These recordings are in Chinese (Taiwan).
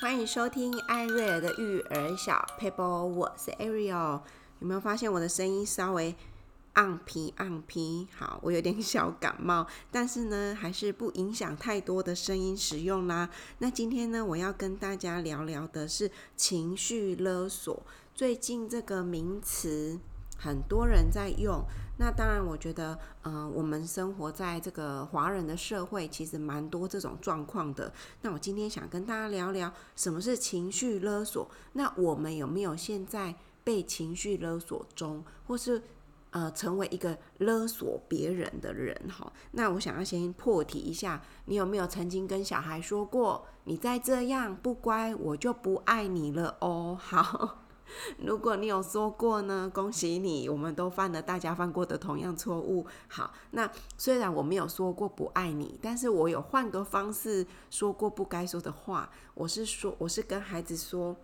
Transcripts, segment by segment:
歡迎收聽艾瑞爾的育兒小 paper，我是艾瑞爾。有沒有發現我的聲音稍微昂皮昂皮？好，我有點小感冒，但是呢，還是不影響太多的聲音使用啦。那今天呢，我要跟大家聊聊的是情緒勒索，最近這個名詞很多人在用。那當然，我覺得，呃，我們生活在這個華人的社會，其實蠻多這種狀況的。那我今天想跟大家聊聊什麼是情緒勒索。那我們有沒有現在被情緒勒索中，或是呃成為一個勒索別人的人？哈、哦，那我想要先破題一下，你有沒有曾經跟小孩說過，你再這樣不乖，我就不愛你了哦？好。如果你有說過呢，恭喜你，我們都犯了大家犯過的同樣錯誤。好，那雖然我沒有說過不愛你，但是我有換個方式說過不該說的話。我是說，我是跟孩子說，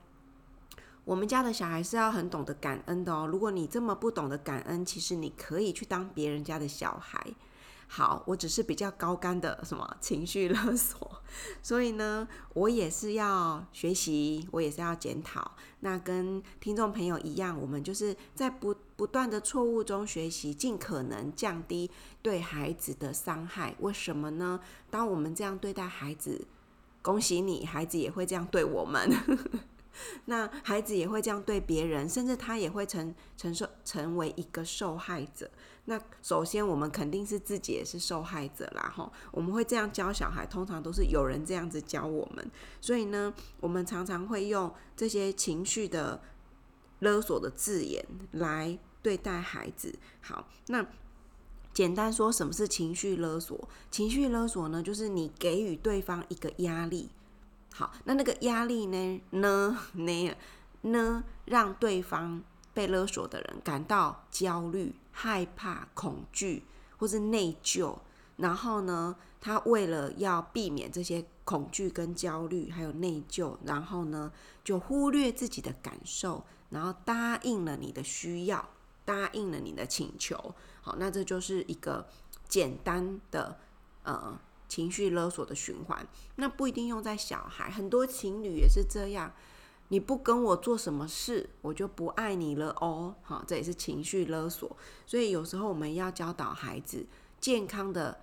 我們家的小孩是要很懂得感恩的哦。如果你這麼不懂得感恩，其實你可以去當別人家的小孩。好，我只是比較高竿的什麼情緒勒索，所以呢，我也是要學習，我也是要檢討。那跟聽眾朋友一樣，我們就是在不不斷的錯誤中學習，盡可能降低對孩子的傷害。為什麼呢？當我們這樣對待孩子，恭喜你，孩子也會這樣對我們。 那孩子也會這樣對別人，甚至他也會承承受。成為一個受害者，那首先我們肯定是自己也是受害者啦，哈。我們會這樣教小孩，通常都是有人這樣子教我們，所以呢，我們常常會用這些情緒的勒索的字眼來對待孩子。好，那簡單說，什麼是情緒勒索？情緒勒索呢，就是你給予對方一個壓力。好，那那個壓力呢？呢？呢？呢？讓對方。被勒索的人感到焦慮、害怕、恐懼，或是內疚。然後呢，他為了要避免這些恐懼跟焦慮，還有內疚，然後呢，就忽略自己的感受，然後答應了你的需要，答應了你的請求。好，那這就是一個簡單的，呃，情緒勒索的循環。那不一定用在小孩，很多情侶也是這樣。你不跟我做什麼事，我就不愛你了哦。好，這也是情緒勒索。所以有時候我們要教導孩子健康的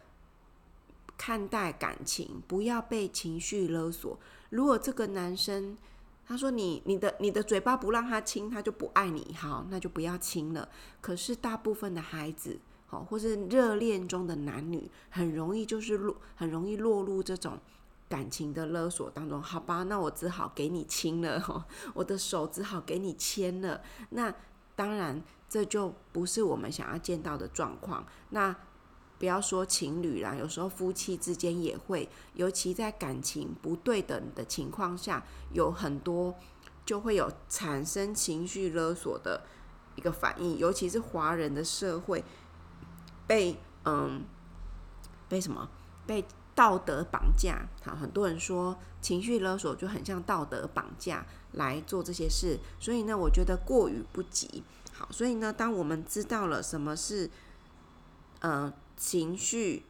看待感情，不要被情緒勒索。如果這個男生他說你、你的、你的嘴巴不讓他親，他就不愛你，好，那就不要親了。可是大部分的孩子，好，或是熱戀中的男女，很容易就是落，很容易落入這種。感情的勒索當中，好吧，那我只好給你親了，我的手只好給你牽了。那當然，這就不是我們想要見到的狀況。那不要說情侶啦，有時候夫妻之間也會，尤其在感情不對等的情況下，有很多就會有產生情緒勒索的一個反應，尤其是華人的社會被，嗯，被什麼？被。道德綁架，好，很多人說情緒勒索就很像道德綁架來做這些事，所以呢，我覺得過猶不及。好，所以呢，當我們知道了什麼是，嗯、呃、情緒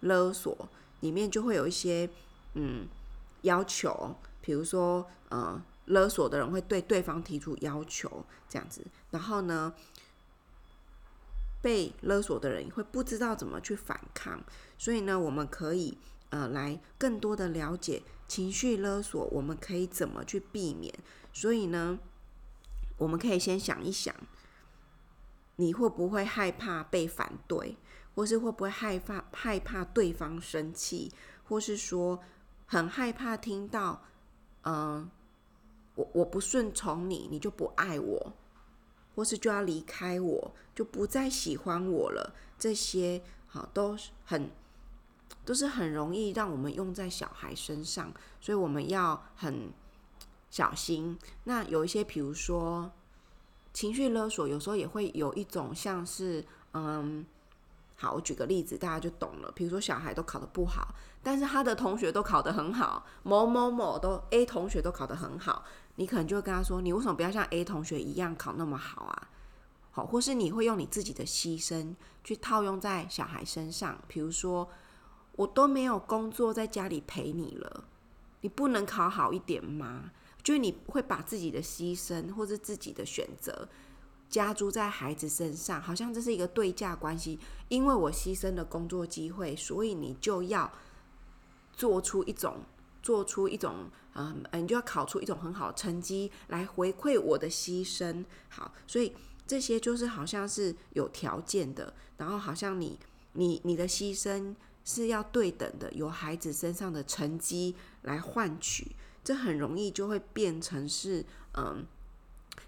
勒索，裡面就會有一些嗯要求，比如說嗯、呃、勒索的人會對對方提出要求這樣子，然後呢。被勒索的人會不知道怎麼去反抗，所以呢，我們可以呃來更多的了解情緒勒索，我們可以怎麼去避免？所以呢，我們可以先想一想，你會不會害怕被反對，或是會不會害怕害怕對方生氣，或是說很害怕聽到嗯、呃，我我不順從你，你就不愛我。或是就要離開我，就不再喜歡我了，這些好都很都是很容易讓我們用在小孩身上，所以我們要很小心。那有一些，比如說情緒勒索，有時候也會有一種像是，嗯，好，我舉個例子，大家就懂了。比如說小孩都考得不好，但是他的同學都考得很好，某某某都，A 同學都考得很好。你可能就會跟他說：“你為什麼不要像 A 同學一樣考那麼好啊？”好，或是你會用你自己的犧牲去套用在小孩身上，比如說，我都沒有工作，在家裡陪你了，你不能考好一點嗎？就是你會把自己的犧牲或是自己的選擇加諸在孩子身上，好像這是一個對價關係，因為我犧牲了工作機會，所以你就要做出一種。做出一種，嗯，你就要考出一種很好的成績來回饋我的犧牲。好，所以這些就是好像是有條件的，然後好像你你你的犧牲是要對等的，由孩子身上的成績來換取，這很容易就會變成是，嗯，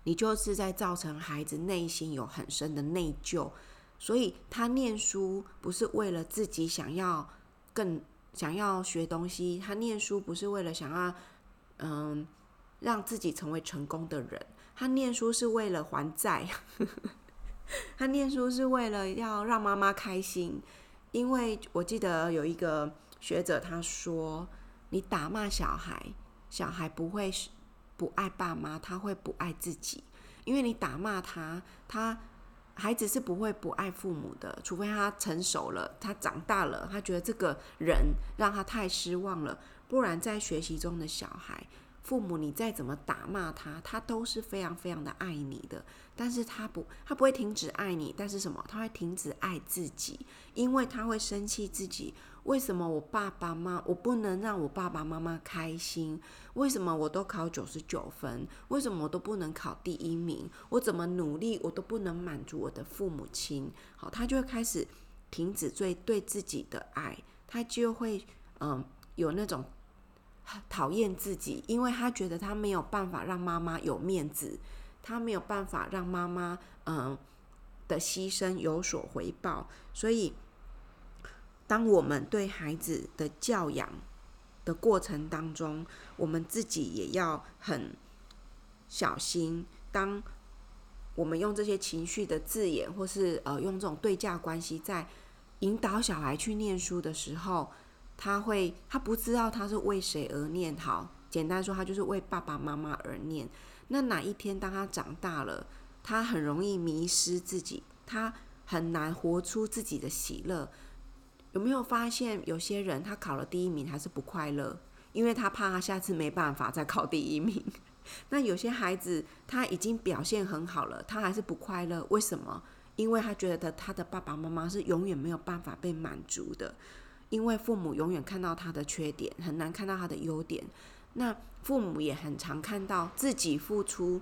你就是在造成孩子內心有很深的內疚，所以他念書不是為了自己想要更。想要學東西，他念書不是為了想要，嗯，讓自己成為成功的人。他念書是為了還債，他念書是為了要讓媽媽開心。因為我記得有一個學者他說，你打罵小孩，小孩不會不愛爸媽，他會不愛自己，因為你打罵他，他。孩子是不會不愛父母的，除非他成熟了，他長大了，他覺得這個人讓他太失望了。不然在學習中的小孩，父母你再怎麼打罵他，他都是非常非常的愛你的。但是他不，他不會停止愛你，但是什麼？他會停止愛自己，因為他會生氣自己。為什麼我爸爸媽媽我不能讓我爸爸媽媽開心？為什麼我都考九十九分？為什麼我都不能考第一名？我怎麼努力我都不能滿足我的父母親？好，他就會開始停止對對自己的愛，他就會嗯有那種討厭自己，因為他覺得他沒有辦法讓媽媽有面子，他沒有辦法讓媽媽嗯的犧牲有所回報，所以。當我們對孩子的教養的過程當中，我們自己也要很小心。當我們用這些情緒的字眼，或是呃用這種對價關係，在引導小孩去念書的時候，他會他不知道他是為誰而念。好，簡單說，他就是為爸爸媽媽而念。那哪一天當他長大了，他很容易迷失自己，他很難活出自己的喜樂。有沒有發現，有些人他考了第一名還是不快樂，因為他怕他下次沒辦法再考第一名。 那有些孩子他已經表現很好了，他還是不快樂，為什麼？因為他覺得他的爸爸媽媽是永遠沒有辦法被滿足的，因為父母永遠看到他的缺點，很難看到他的優點。那父母也很常看到自己付出，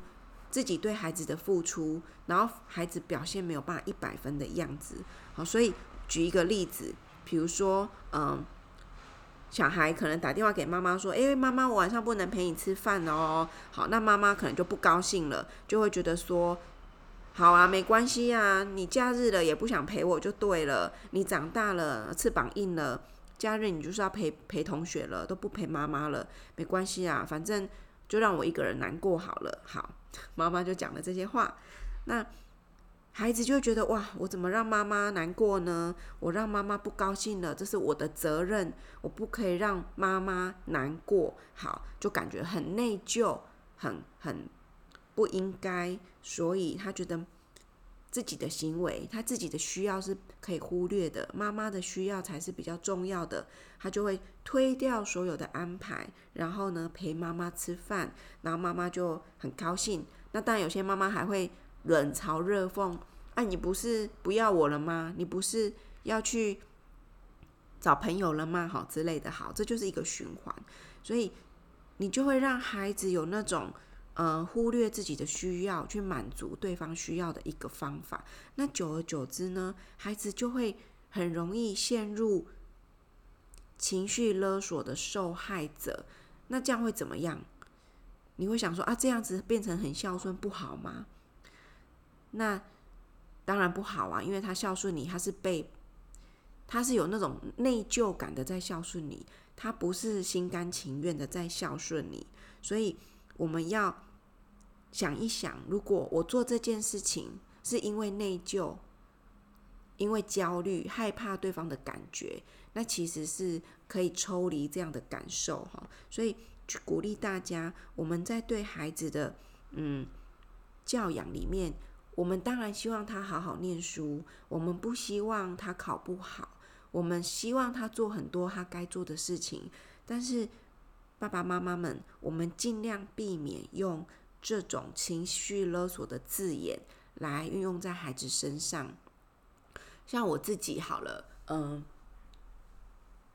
自己對孩子的付出，然後孩子表現沒有辦法一百分的樣子。好，所以舉一個例子，比如說，嗯，小孩可能打電話給媽媽說：“哎、欸，媽媽，我晚上不能陪你吃飯哦。”好，那媽媽可能就不高興了，就會覺得說：“好啊，沒關係啊，你假日了也不想陪我就對了。你長大了，翅膀硬了，假日你就是要陪陪同學了，都不陪媽媽了，沒關係啊，反正就讓我一個人難過好了。”好，媽媽就講了這些話，那，孩子就覺得哇，我怎麼讓媽媽難過呢？我讓媽媽不高興了，這是我的責任，我不可以讓媽媽難過，好，就感覺很內疚，很很不應該，所以他覺得自己的行為，他自己的需要是可以忽略的，媽媽的需要才是比較重要的，他就會推掉所有的安排，然後呢，陪媽媽吃飯，然後媽媽就很高興。那當然，有些媽媽還會冷嘲熱諷。那、啊、你不是不要我了嗎？你不是要去找朋友了嗎？好之類的，好，這就是一個循環，所以你就會讓孩子有那種呃忽略自己的需要，去滿足對方需要的一個方法。那久而久之呢，孩子就會很容易陷入情緒勒索的受害者。那這樣會怎麼樣？你會想說啊，這樣子變成很孝順不好嗎？那……當然不好啊，因為他孝順你，他是被，他是有那種內疚感的在孝順你，他不是心甘情願的在孝順你，所以我們要想一想，如果我做這件事情是因為內疚，因為焦慮、害怕對方的感覺，那其實是可以抽離這樣的感受哈。所以去鼓勵大家，我們在對孩子的嗯教養裡面。我們當然希望他好好念書，我們不希望他考不好，我們希望他做很多他該做的事情。但是爸爸媽媽們，我們盡量避免用這種情緒勒索的字眼來運用在孩子身上。像我自己好了，嗯。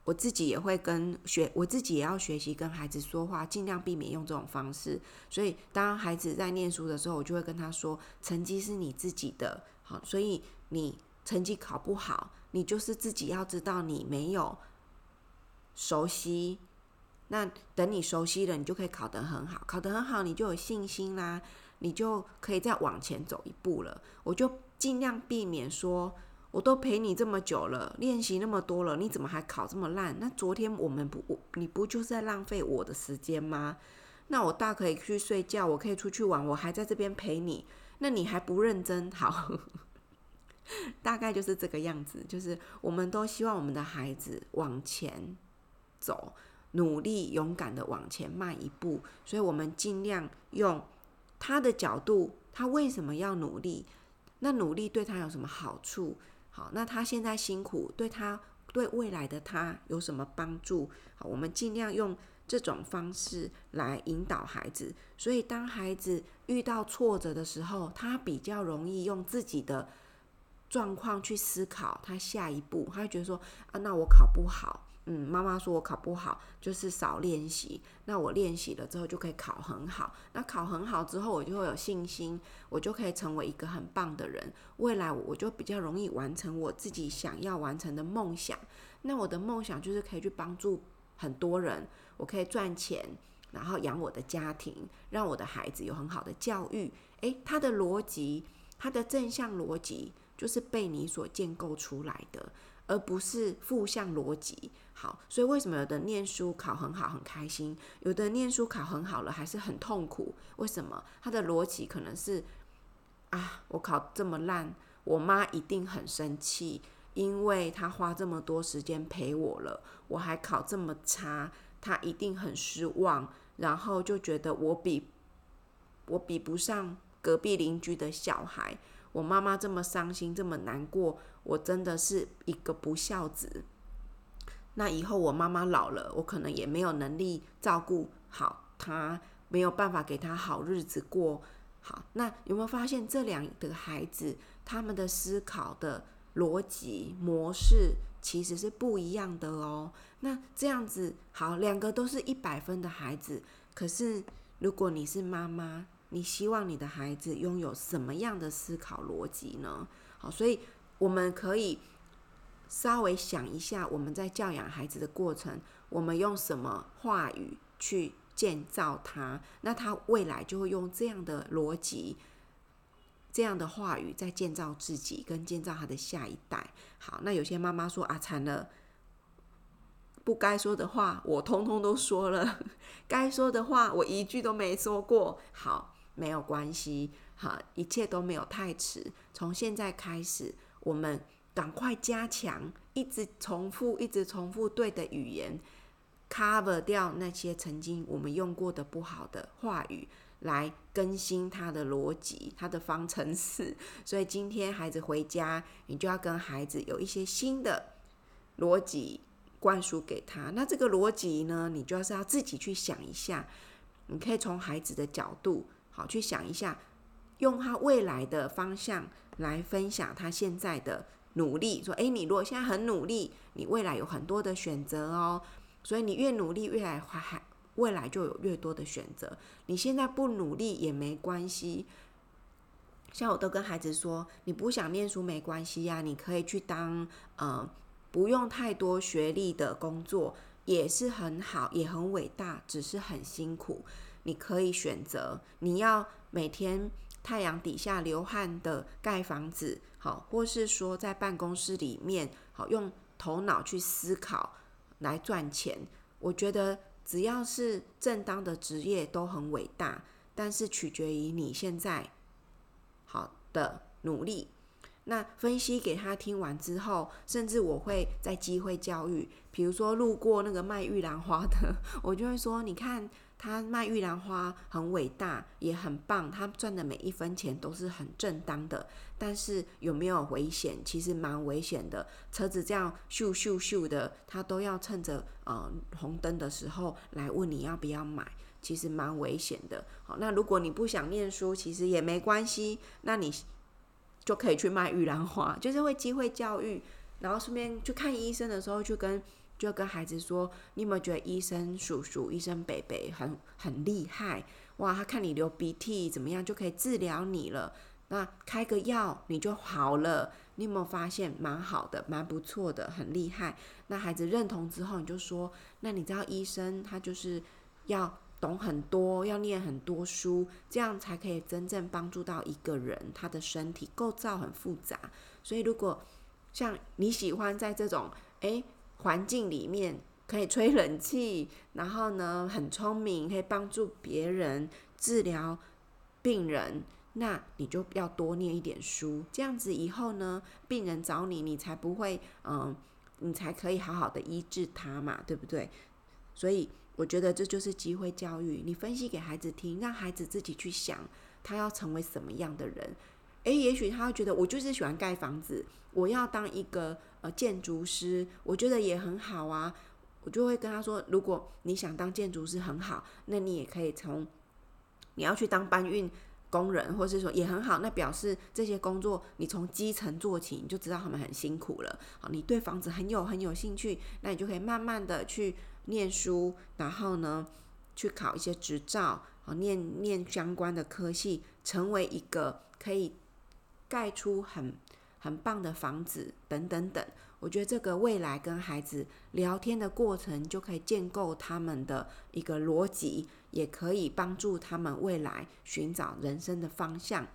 我自己也會跟學，我自己也要學習跟孩子說話，盡量避免用這種方式。所以當孩子在念書的時候，我就會跟他說：“成績是你自己的，好，所以你成績考不好，你就是自己要知道你沒有熟悉。那等你熟悉了，你就可以考得很好，考得很好，你就有信心啦，你就可以再往前走一步了。”我就盡量避免說。我都陪你這麼久了，練習那麼多了，你怎麼還考這麼爛？那昨天我們不我，你不就是在浪費我的時間嗎？那我大可以去睡覺，我可以出去玩，我還在這邊陪你，那你還不認真？好， 大概就是這個樣子。就是我們都希望我們的孩子往前走，努力勇敢的往前邁一步，所以我們盡量用他的角度，他為什麼要努力？那努力對他有什麼好處？好，那他現在辛苦，對他對未來的他有什麼幫助？好，我們儘量用這種方式來引導孩子。所以，當孩子遇到挫折的時候，他比較容易用自己的狀況去思考他下一步。他會覺得說啊，那我考不好。嗯，媽媽說我考不好，就是少練習。那我練習了之後，就可以考很好。那考很好之後，我就會有信心，我就可以成為一個很棒的人。未來我就比較容易完成我自己想要完成的夢想。那我的夢想就是可以去幫助很多人，我可以賺錢，然後養我的家庭，讓我的孩子有很好的教育。誒，他的邏輯，他的正向邏輯，就是被你所建構出來的。而不是負向邏輯。好，所以為什麼有的念書考很好很開心，有的念書考很好了還是很痛苦？為什麼？他的邏輯可能是：啊，我考這麼爛，我媽一定很生氣，因為她花這麼多時間陪我了，我還考這麼差，她一定很失望，然後就覺得我比我比不上隔壁鄰居的小孩。我媽媽這麼傷心，這麼難過，我真的是一個不孝子。那以後我媽媽老了，我可能也沒有能力照顧好她，沒有辦法給她好日子過。好，那有沒有發現這兩個孩子他們的思考的邏輯模式其實是不一樣的哦？那這樣子，好，兩個都是一百分的孩子，可是如果你是媽媽。你希望你的孩子擁有什麼樣的思考邏輯呢？好，所以我們可以稍微想一下，我們在教養孩子的過程，我們用什麼話語去建造他，那他未來就會用這樣的邏輯，這樣的話語在建造自己，跟建造他的下一代。好，那有些媽媽說：“啊，慘了，不該說的話我通通都說了， 該說的話我一句都沒說過。”好。沒有關係，哈，一切都沒有太遲。從現在開始，我們趕快加強，一直重複，一直重複對的語言，cover 掉那些曾經我們用過的不好的話語，來更新他的邏輯、他的方程式。所以今天孩子回家，你就要跟孩子有一些新的邏輯灌輸給他。那這個邏輯呢，你就是要自己去想一下，你可以從孩子的角度。好，去想一下，用他未來的方向來分享他現在的努力。說：“誒，你如果現在很努力，你未來有很多的選擇哦。所以你越努力越，未來還未來就有越多的選擇。你現在不努力也沒關係。像我都跟孩子說，你不想念書沒關係呀，你可以去當呃，不用太多學歷的工作，也是很好，也很偉大，只是很辛苦。”你可以選擇，你要每天太陽底下流汗的蓋房子，好，或是說在辦公室裡面，好用頭腦去思考來賺錢。我覺得只要是正當的職業都很偉大，但是取決於你現在好的努力。那分析給他聽完之後，甚至我會在機會教育，比如說路過那個賣玉蘭花的，我就會說，你看。他賣玉蘭花很偉大，也很棒，他賺的每一分錢都是很正當的。但是有沒有危險？其實蠻危險的。車子這樣咻咻咻的，他都要趁着呃紅燈的時候來問你要不要買，其實蠻危險的。好，那如果你不想念書，其實也沒關係，那你就可以去賣玉蘭花，就是會機會教育，然後順便去看醫生的時候，就跟。就跟孩子說，你有沒有覺得醫生叔叔、醫生伯伯很很厲害哇？他看你流鼻涕怎麼樣，就可以治療你了。那開個藥你就好了。你有沒有發現蠻好的、蠻不錯的、很厲害？那孩子認同之後，你就說，那你知道醫生他就是要懂很多，要念很多書，這樣才可以真正幫助到一個人。他的身體構造很複雜，所以如果像你喜歡在這種誒環境裡面可以吹冷氣，然後呢很聰明，可以幫助別人治療病人，那你就要多念一點書，這樣子以後呢，病人找你，你才不會嗯，你才可以好好的醫治他嘛，對不對？所以我覺得這就是機會教育，你分析給孩子聽，讓孩子自己去想，他要成為什麼樣的人。誒、欸，也許他會覺得我就是喜歡蓋房子，我要當一個呃建築師，我覺得也很好啊。我就會跟他說，如果你想當建築師很好，那你也可以從你要去當搬運工人，或是說也很好。那表示這些工作你從基層做起，你就知道他們很辛苦了。好，你對房子很有很有興趣，那你就可以慢慢的去念書，然後呢，去考一些執照啊，念念相關的科系，成為一個可以。蓋出很很棒的房子等等等，我覺得這個未來跟孩子聊天的過程就可以建構他們的一個邏輯，也可以幫助他們未來尋找人生的方向。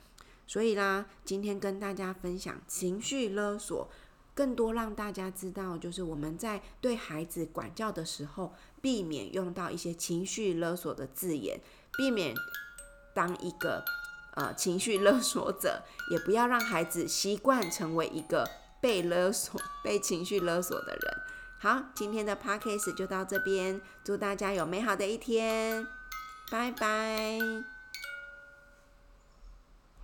所以啦，今天跟大家分享情緒勒索，更多讓大家知道，就是我們在對孩子管教的時候，避免用到一些情緒勒索的字眼，避免當一個。呃、情緒勒索者，也不要讓孩子習慣成為一個被勒索、被情緒勒索的人。好，今天的 podcast 就到這邊，祝大家有美好的一天，拜拜。